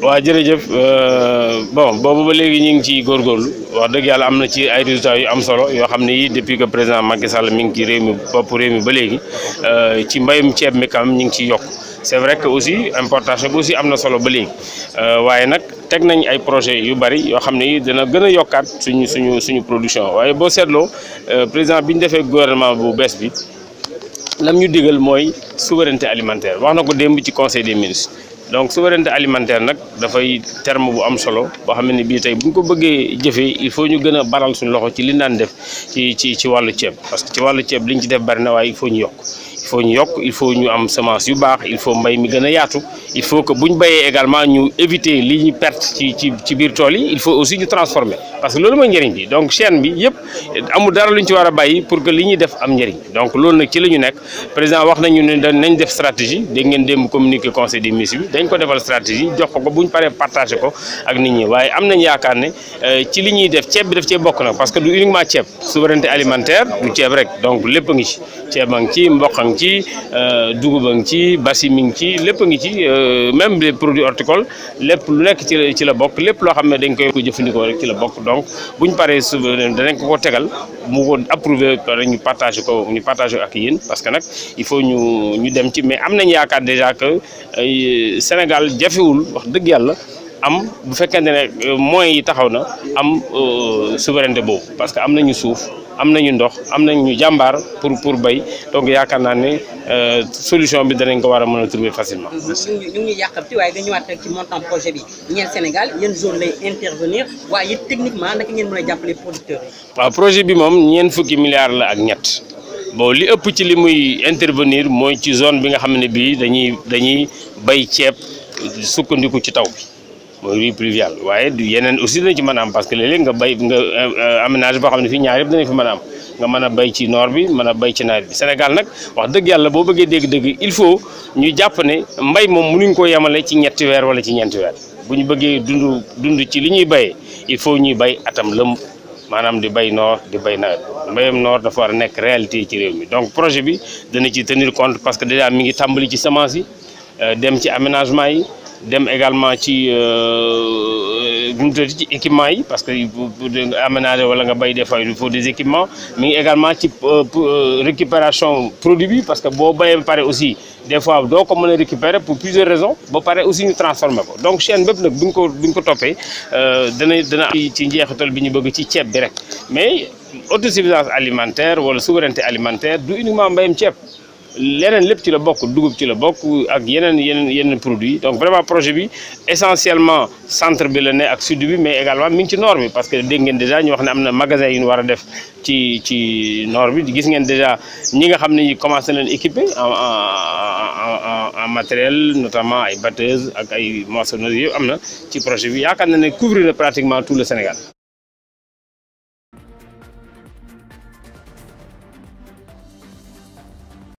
waaw jërëjëf euh, bon boobu ba léegi ñu ngi ciy góorlu wax dëgg yàlla am na ci ay résultats yu am solo yoo xam ne yi depuis que président Macky Sall mi ngi ci réew mi bopp réew mi ba léegi euh, ci mbayum ceeb mi kam ñu ngi ciy yokk c'est vrai que aussi importation bi aussi am na solo ba léegi euh, waaye nag teg nañ ay projet yu bari yoo xam ne yi dina gën a yokkaat suñu suñu suñu production waaye boo seetloo président bi ñu defee gouvernement bu bees bi lam ñu digal mooy souveraineté alimentaire wax na ko démb ci conseil des ministres donc souveraineté alimentaire nag dafay terme bu am solo boo xam ne bii tey bu ñu ko bëggee jëfee il faut ñu gën a baral suñu loxo ci li ñu daan def ci ci ci wàllu ceeb parce que ci wàllu ceeb liñ ci def bari na waaye foo ñu yokk. il faut ñu il faut ñu am semence yu baax il faut mbay mi gëna a yaatu il faut que buñ bayé également ñu éviter li ñu perte ci ci ci biir tool yi il faut aussi ñu transformer parce que loolu moy ñëriñ bi donc chaîne bi yépp amu dara luñ ci wara bayyi pour que li ñuy def am ñëriñ donc loolu nak ci lañu nek président wax nañu ne nañ def stratégie dégg ngeen dem communiquer conseil des ministres bi dañ ko défal stratégie jox ko ko bu ñu paree ko ak nit ñi waaye am nañ yaakaar ne euh, ci li ñuy def ceeb bi daf ci bokk nak parce que du uniquement ceeb souveraineté alimentaire du ceeb rek donc lépp ngi ci ceeb a ngi ci mboq ngi ci euh, dugub a ngi ci basi mi ngi ci lépp a ngi ci euh, même les produits orticole lépp lu nekk ci la ci la bokk lépp loo xam ne dañ koy ko jëfandikoo rek ci la bokk donc bu ñu paree su danañ ko ko tegal mu ko approuvé pare ñu partagé ko ñu partagé ak yéen parce que nag il faut ñu ñu dem ci mais am nañ yaakaar déjà que Sénégal jafewul wax dëgg yàlla. am bu fekkente ne euh, moyens taxaw na am euh, souveraineté boobu parce que am nañu suuf am nañu ndox am ñu jàmbaar pour pour béy donc yaakaar naa ne euh, solution bi danañ ko war a mën a trouver facilement. ñu ngi ñu waaye dañu ñëwaat rek ci montant projet bi a jàppale producteurs waaw projet bi moom ñeen fukki milliards la ak ñett. bon li ëpp ci li muy intervenir mooy ci zone bi nga xam ne bii dañuy dañuy bay ceeb sukkandiku ci taw bi mooy riz pluvial waaye du yeneen aussi dina ci mën parce que léeg nga bay nga euh, aménage boo xam ne fii ñaar yëpp dinañ fi mën a am nga mën a bay ci noor bi mën a bay ci nawet bi Sénégal nag wax dëgg yàlla boo bëggee dégg-dëgg il faut ñu jàpp ne mbay moom mënuñ ko yemale ci ñetti weer wala ci ñeenti weer bu ñu bëggee dund dund ci li ñuy bayee il faut ñuy bay atam lëmb maanaam di bay noor di bay nawet mbayam noor dafa war a nekk réalité ci réew mi donc projet bi dana ci tenir compte parce que déjà mi ngi tàmbali ci semence yi euh, dem ci aménagement yi dem également ci ñu euh, euh, mu ci équipement yi parce que aménager wala nga bay des fois il faut des équipements mais également ci euh, récupération produit parce que bo bayee pareil aussi des fois donc ko mën récupère récupérer pour plusieurs raisons bo pareil aussi ñu transformer donc chaîne bépp nak buñ ko buñ ko topé euh dana ci njeexital bi ñu bëgg ci ceeb bi rek mais autosuffisance alimentaire wala souveraineté alimentaire du uniquement mbayam ceeb leneen lépp ci la bokk dugub ci la bokk ak yeneen yeneen yeneen produits donc vraiment projet bi essentiellement centre bi la ne ak sud bi mais également mi ngi ci nord bi parce que dégg ngeen déjà ñu wax ne am na magasin yu ñu war a def ci ci nord bi gis ngeen déjà ñi nga xam ne ñi commencé leen équiper en en en matériel notamment ay batteuses ak ay moissonneuses yëpp am na ci projet bi yaakaar na ne couvrir na pratiquement tout le Sénégal